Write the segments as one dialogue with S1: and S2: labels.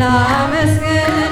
S1: ላመስግን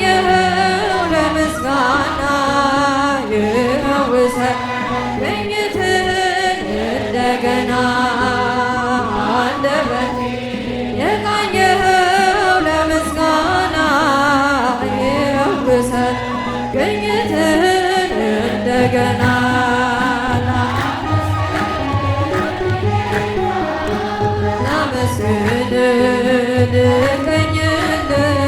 S1: ለየኸው ለምስጋና ይፈውሰ መኝትን እንደገና አንደበት የቃኘኸው ለምስጋና ይፈውሰ መኝትን እንደገና ናመስግን ቀኝልን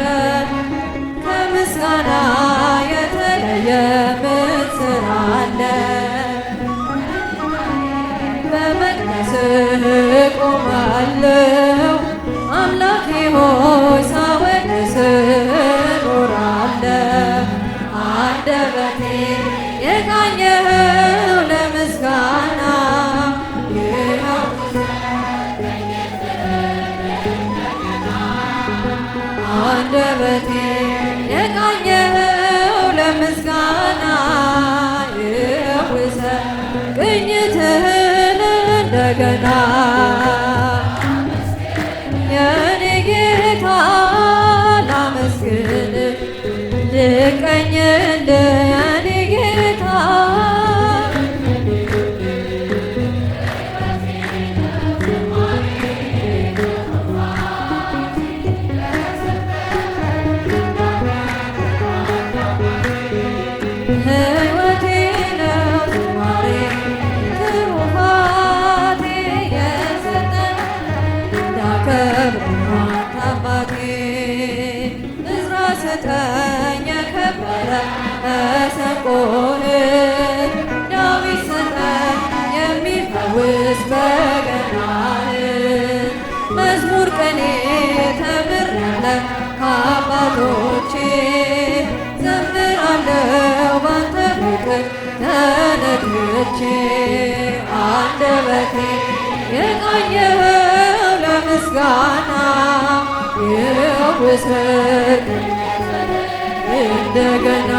S1: አለው አምላኬ ሆይ her ሕይወቴ የቃኘኸው ለምስጋና ይኸው ብስት እንደገና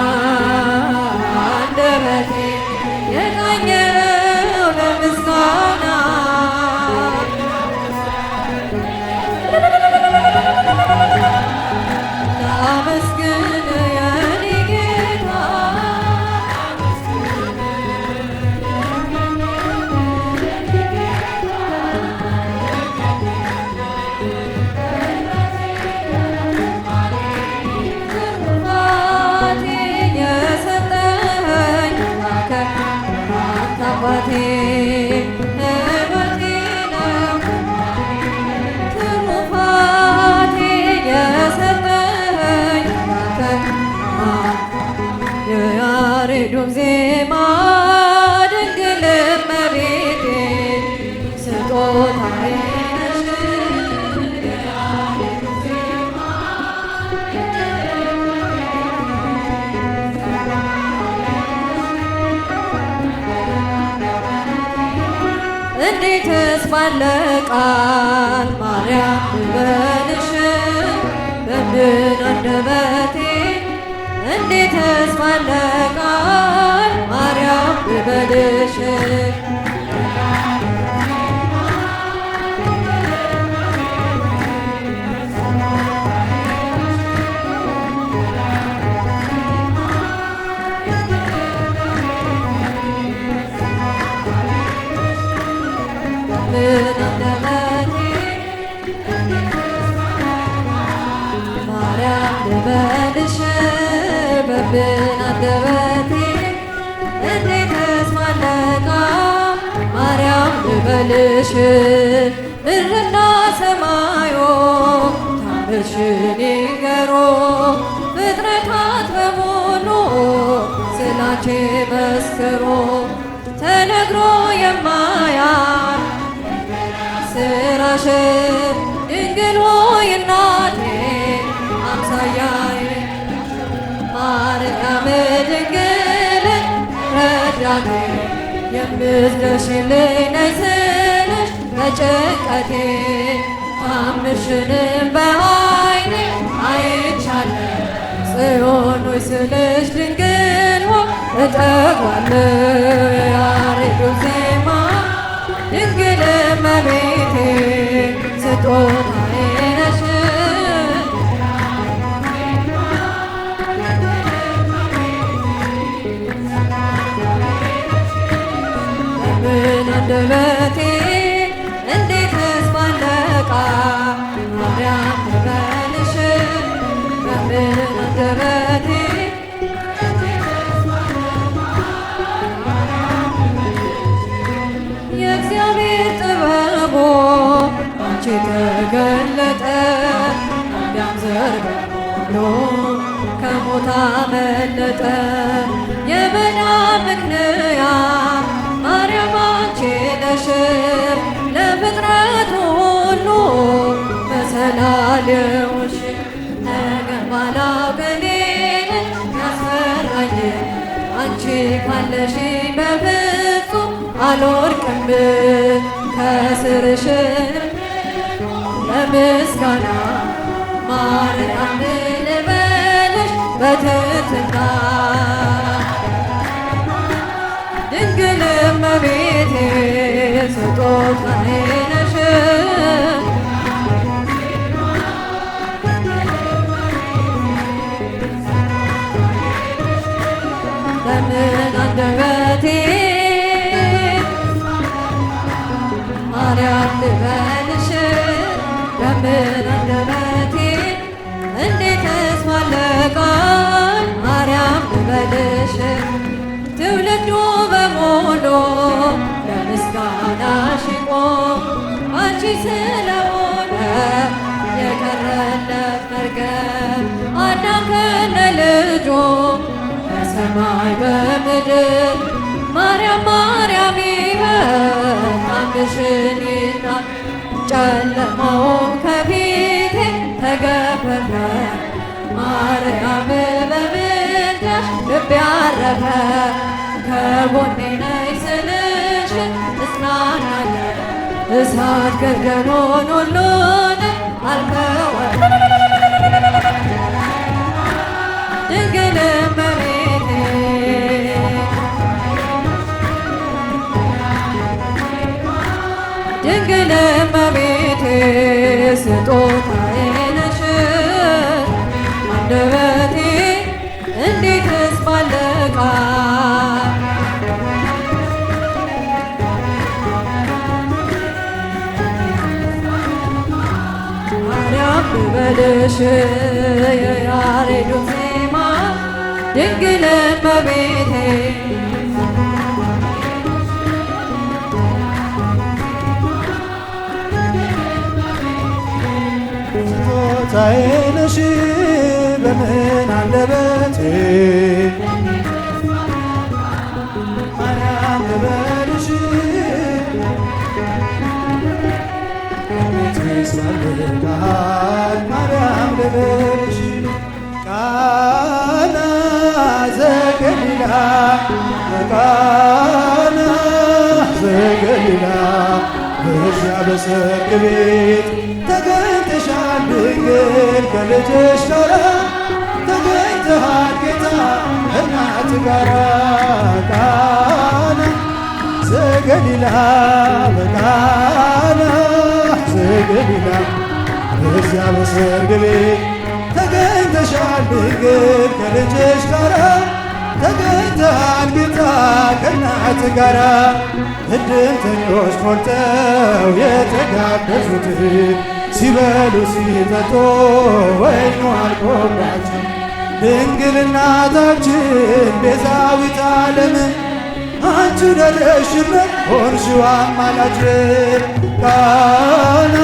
S1: እንዴትስ ባለ ቃል ማርያም ልበልሽ በምን አንደበቴ እንዴትስ ባለ ቃል ማርያም ልበልሽ መስቀልሽ ምድርና ሰማዮ ታምርሽን ይንገሩ ፍጥረታት በሙሉ ስላንቺ መስክሩ ተነግሮ የማያር ስራሽን ድንግል ሆይ እናቴ አምሳያዬ ማርያም ድንግል ረዳቴ የምትደርሺልኝ ነሽ በጭንቀቴ ታምርሽንም በዓይኔ አይቻለሁ። ጽዮን ስልሽ ድንግል ሆይ ያሬዱ ዜማ ድንግል እመቤቴ ስጦ ኖህ ከሞት አመለጠ የመዳን ምክንያ ማርያም አንቺ ነሽ ለፍጥረት ሁሉ መሰላል የሆንሽ ነገር ባላውቅ አንቺ ካለሽ በፍጹም አልወድቅም ከስርሽ ለምስጋና በትህትና ድንግል እመቤቴ ስጦታዬ ነሽ ልሽ ትውልዱ በሙሉ ለምስጋና ሽቆ አንቺ ስለሆነ የቀረለት መርገም አዳም ከነ ልጁ በሰማይ በምድር ማርያም ማርያም ይበል አንድሽን ይናል ጨለማውም ከፊቴ ተገፈፈ ማርያም በቤ ልቤ አረፈ ከጎኔ ነሽ ስልሽ እጽናናለሁ እሳት ገርገኖን ሁሉን አልተወም ድንግል ስጦታ መንገድሽ የያሬዱ ዜማ ድንግል እመቤቴ ቦታዬ በምን አንደበቴ ማርያም ልበልሽ ስማልጋል ማርያም ልብሽ ቃና ዘገሊላ ቃና ዘገሊላ በዚያ በሰርግ ቤት ተገኝተሻል ድንግል ከልጅሽ ጋራ ተገኝተሃል ጌታ እናት ጋራ ቃና ዘገሊላ በቃና ትግቢና በዚያ በሰርግ ቤት ተገኝተሻል ድንግል ከልጅሽ ጋራ ተገኝተሃል ጌታ ከእናት ጋራ እድምተኞች ሞልተው የተጋበዙት ሲበሉ ሲጠጡ ወይኑ አልቆባቸው ድንግል እናታችን ቤዛዊተ ዓለም አንቺ ነሽ እመቤቴ ሆንሽው አማላጄ ቃና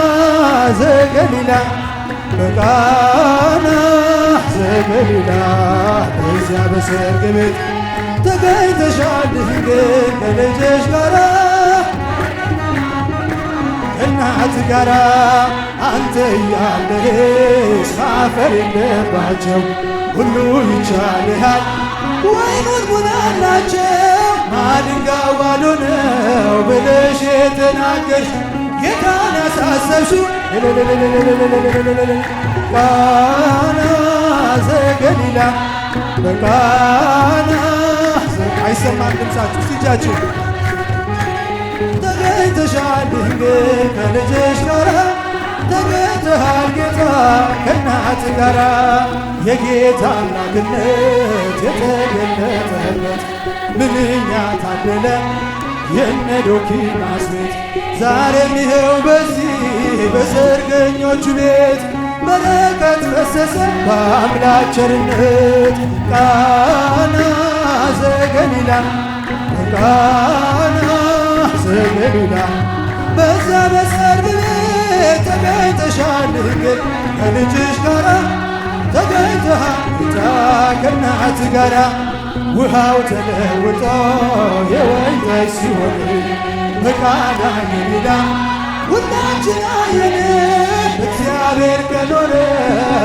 S1: ዘገሊላ በቃና ዘገሊላ በዚያ በሰርግ ቤት ተገኝተሻል ድንግል ከልጅሽ ጋራ ከእናት ጋራ አንተ እያለሽ አፈር የለባቸው ሁሉ ይቻልሃል ወይኑን ሙላላቸው ብለሽ የተናገርሽ ጌታን ያሳሰብሽው ቃና ዘገሊላ በቃና አይሰማም ድምፃችሁ ሲጃችሁ ተገኝተሻል ድንግል ከልጅሽ ጋራ ተገኝተሃል ጌታ ከእናት ጋራ የጌታ አምላክነት የተገለጠበት ምንኛ ታደለ የነ ዶኪማስ ቤት ዛሬም ይኸው በዚህ በሰርገኞቹ ቤት በረከት ፈሰሰ በአምላክ ቸርነት ቃና ዘገሊላ ቃና ዘገሊላ በዛ በሰርግ ቤት ተገኝተሻል ግን ከልጅሽ ጋራ ተገኝተሃል ከእናት ጋራ ውሃው ተለውጦ የወይን ሲሆን በቃና ይሁዳ ሁላችን አየን። እግዚአብሔር ከኖረ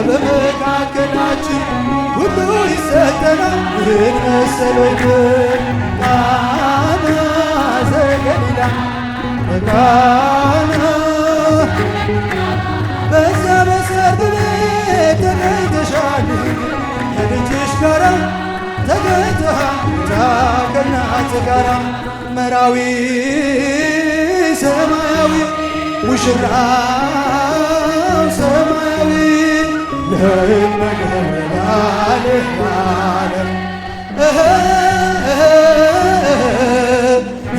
S1: በመካከላችን ሁሉ ይሰጠናል። ምን መሰሎትን ቃና ዘገሊላ በቃና በዛ በሰርግ ቤት ተገኝተሻል ከልጅሽ ጋራ ከጌታ ከእናት ጋራ መራዊ ሰማያዊ ሙሽራው ሰማያዊ ለመገላልላለም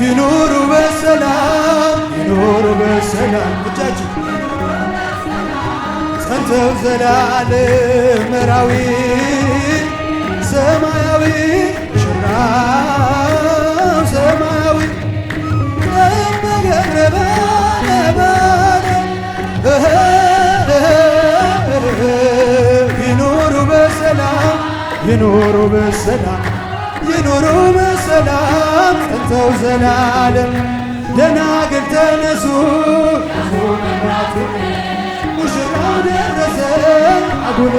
S1: ይኑሩ በሰላም ይኑሩ በሰላም እጃችሁ ጸንተው ዘላለም መራዊ ሰማያዊ ሽራው ሰማያዊ መገብረበ ይኑሩ በሰላም ይኑሩ በሰላም ይኑሩ በሰላም ጥንተው ዘላለም ደናግል ተነሱ ሙሽራው ደረሰ አጉል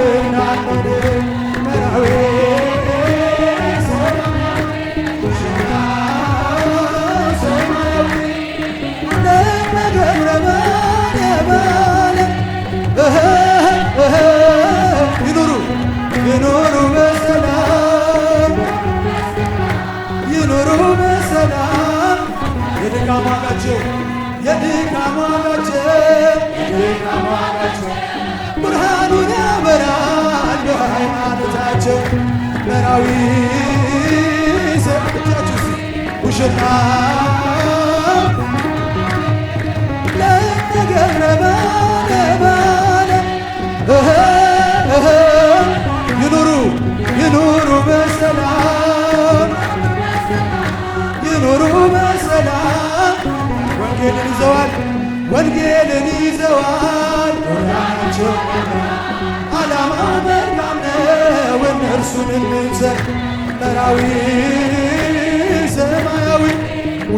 S1: ይኑሩ ይኑሩ በሰላም ይኑሩ በሰላም ወንጌልን ይዘዋል ወንጌልን አላማ ናቸው መልካም ነው እነርሱን እንምሰል መራዊ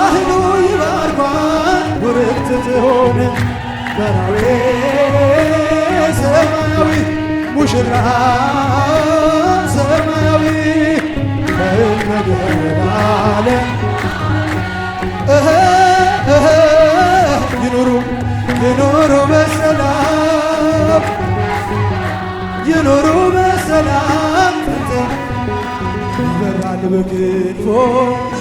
S1: ካህኑ ይባርኳል ውርክት ትሆን በራዌ ሰማያዊ ሙሽራ ሰማያዊ በመድባለ ይኑሩ ይኑሩ በሰላም ይኑሩ በሰላም ይበራል በክንፎ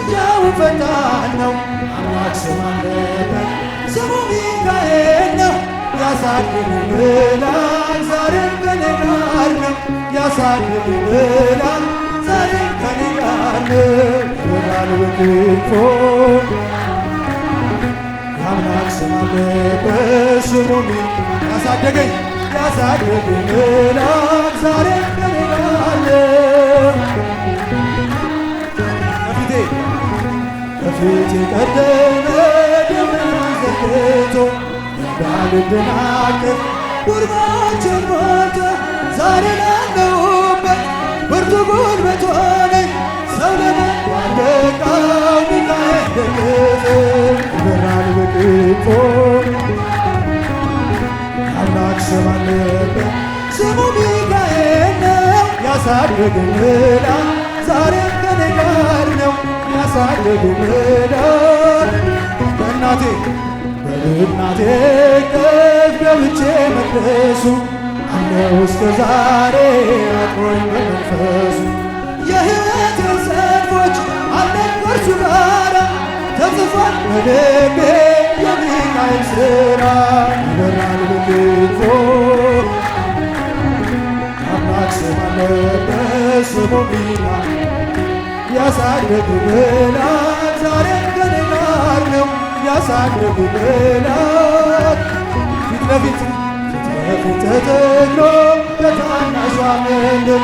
S1: እርምጃው ፈጣን ነው። አምላክ ስም አለበት ስሙ ሚካኤል ነው። ያሳድግልናል ዛሬም ከኔ ጋር ነው። ያሳድግልናል ዛሬም ከኔ ጋር ነው። ይበላል በክንፎ አምላክ ስም አለበት ስሙ ያሳደገኝ ያሳድግልናል ዛሬም ከኔ ጋር ነው ፊት የቀደመ ደምን ዘርግቶ እንዳልደናቀፍ ቁርባችን ሞልቶ ዛሬ ላለሁበት ብርቱ ጉልበት ሆነኝ ሰው ለመባደቃው ሚካኤል ደግፎ ይበራል በቅፎ አምላክ ስም አለበት ስሙ ሚካኤል ነው ያሳደገኝ ላ ከኔ ጋር ነው የሚያሳልግ ምህዳር በእናቴ በእናቴ እቅፍ ገብቼ መቅደሱ አለ እስከ ዛሬ አጥሮኝ በመንፈሱ የሕይወት ሰልፎች አለ ከእርሱ ጋራ ተጽፏል በልቤ የሚካኤል ሥራ ይበራል በክንፎ አምላክ ስም አለበት ስሙ ሚና ያሳደጉ ብላት ዛሬ ከኔ ነው። ያሳደጉ ብላት ፊት ለፊት ፊት ለፊት ተተክሎ በታናሿ መንደር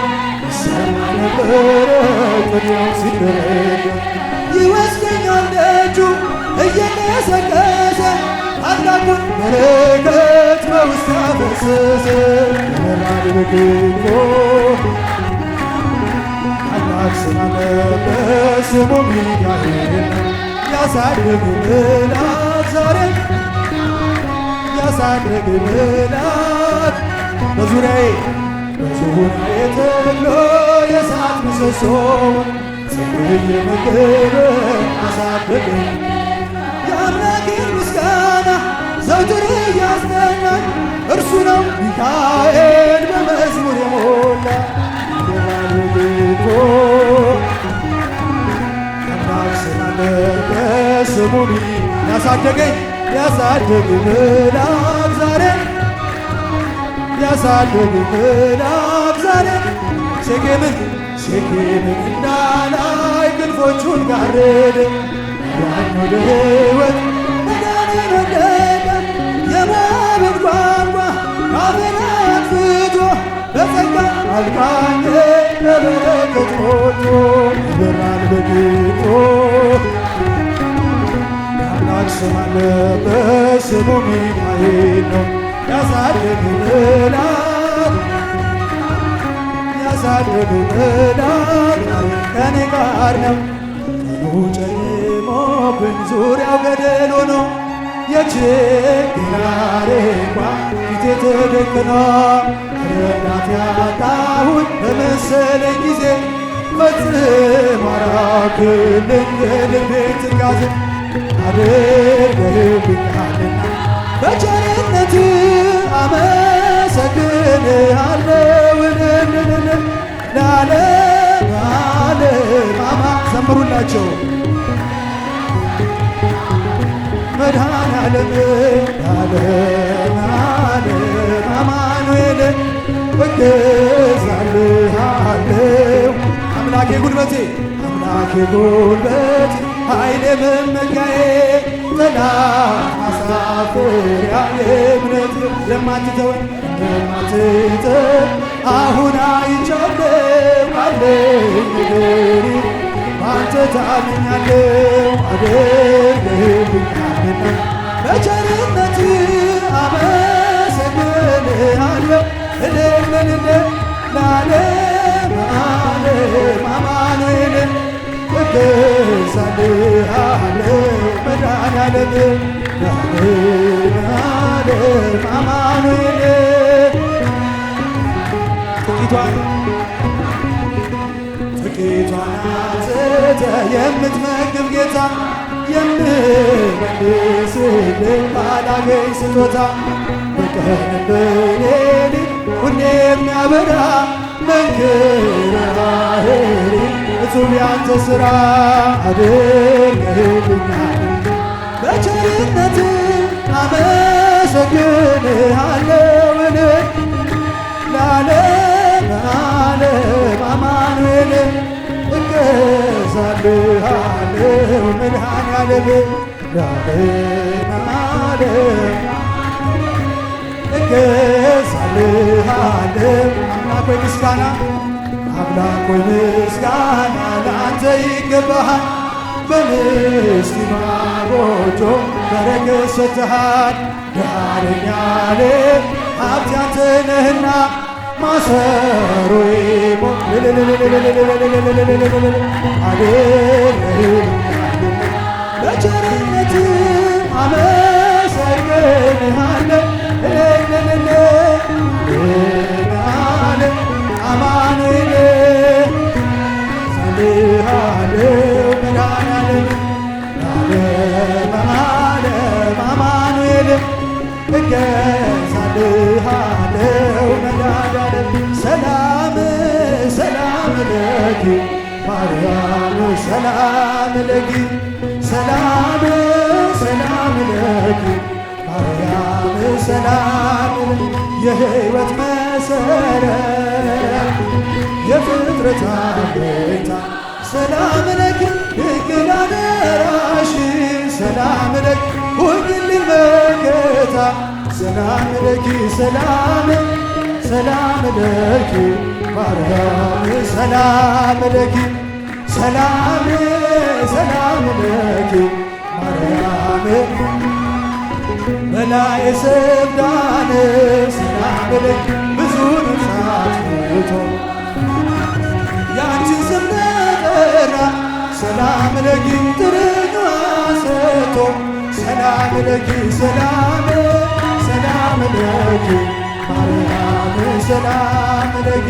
S1: ይሰማ ነበረ ቅኔው ሲደረግ ይወስደኛል ደጁ እየቀሰቀሰ አምላኩን በረከት በውስጥ አፈሰሰ ለራድ በግሞ ስላለበ ስሙ ሚካኤል ያሳድግልናት ዛሬ ምሰሶ ጽድቅ የምግብ አሳድግ ያረግን ምስጋና ዘውትር እያስጠናኝ እርሱ ነው ሚካኤል በመዝሙር የሞላ አብልጦ ቀናው ስላለቀ ስሙኒ ያሳደገኝ ያሳደግ ምናብ ዛሬ ያሳደግ ምናብ ዛሬ ሴኬምን ሴኬምን እንዳላይ ክንፎቹን ጋረደ ያን ወደ ሕይወት መልካም ለበረከቶቹ ይበራል በጌጡ ታላቅ ስም አለበት ስሙ ሚካኤል ነው። ያሳድግልናል ያሳድግልናል ከኔ ጋር ነው። ቀኑ ጨልሞብኝ ዙሪያው ገደል ሆኖ የችግር አረንቋ ፊቴ ተደቅኗል። ረዳት ያጣሁት በመሰለ ጊዜ ፈጽሞ ራቅልኝ የልቤ ትካዜ አድርገህልኛልና በቸርነት አመሰግንሃለሁ ለዓለም ዓለም አማ ዘምሩላቸው መድኃኔዓለም ለዓለም ዓለም አማኑኤል እገዛልሃለሁ አምላኬ ጉልበቴ አምላኬ ጉልበት ኃይሌ መመኪያዬ ጥላ ማሳፈሪያ የእምነት ለማትተወኝ ለማትተወኝ አሁን አይቻለሁ አለኝ ነገሬ ባንተ ታምኛለሁ አደርግልኛልና በቸርነት አመሰግንሃለሁ አማኑኤል ለዓለም ዓለም አማኑኤል ቅዱሳንሃለም መድኃኒዓለም ለዓለም ዓለም አማኑኤል ጥቂቷን ጥቂቷን አንስተ የምትመግብ ጌታ የምመልስልህ ባላገኝ ስጦታ በቀን በሌሊት ሁሌ የሚያበራ መንገድ እጹብ ያንተ ሥራ አድርገህልኛል። በቸርነት አመሰግንሃለሁ እኔ ለዓለም ዓለም አማኑኤል እገዛልሃለሁ መድኃኔዓለም ለዓለም ዓለም እገዛ እልሃለሁ አምላክ ሆይ ምስጋና አምላክ ሆይ ምስጋና ለአንተ ይገባሃል። በምስኪኗ በረከት ሰጥተሃል። ለኃይለኛ ልብ ሀብት ያንተ ነህና ማሰሮዬ ሞት አድነኝ በቸርነት አመሰግንሃለሁ ሰላም ለኪ ሰላም ሰላም ለኪ ማርያም ሰላም የሕይወት መሰረት የፍጥረት አቤታ ሰላም ለኪ ድንግል አደራሽ ሰላም ለኪ ሁንልን መከታ ሰላም ለኪ ሰላም ሰላም ለኪ ማርያም ሰላም ለኪ ሰላም ሰላም ለኪ ማርያም በላይ ስልጣን ሰላም ለኪ ብዙ ንሳቶ ያንቺን ስም ጠራ ሰላም ለኪ ትርጋ ሰቶ ሰላም ለኪ ሰላም ሰላም ለኪ ማርያም ሰላም ለኪ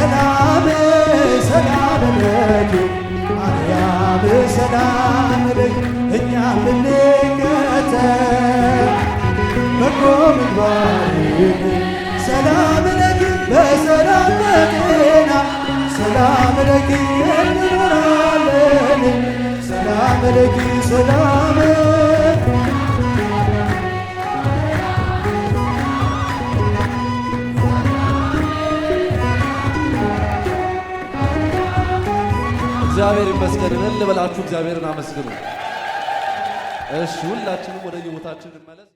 S1: ሰላም ሰላም ለኪ ማርያም ሰላም ለኪ እኛ ልንከተል በጎ ምግባር ሰላም ለኪ በሰላም በጤና ሰላም ለኪ እንኖራለን ሰላም ለኪ ሰላም እግዚአብሔር ይመስገን። እልል እግዚአብሔርን አመስግኑ። እሺ ሁላችንም ወደ የቦታችን እንመለስ።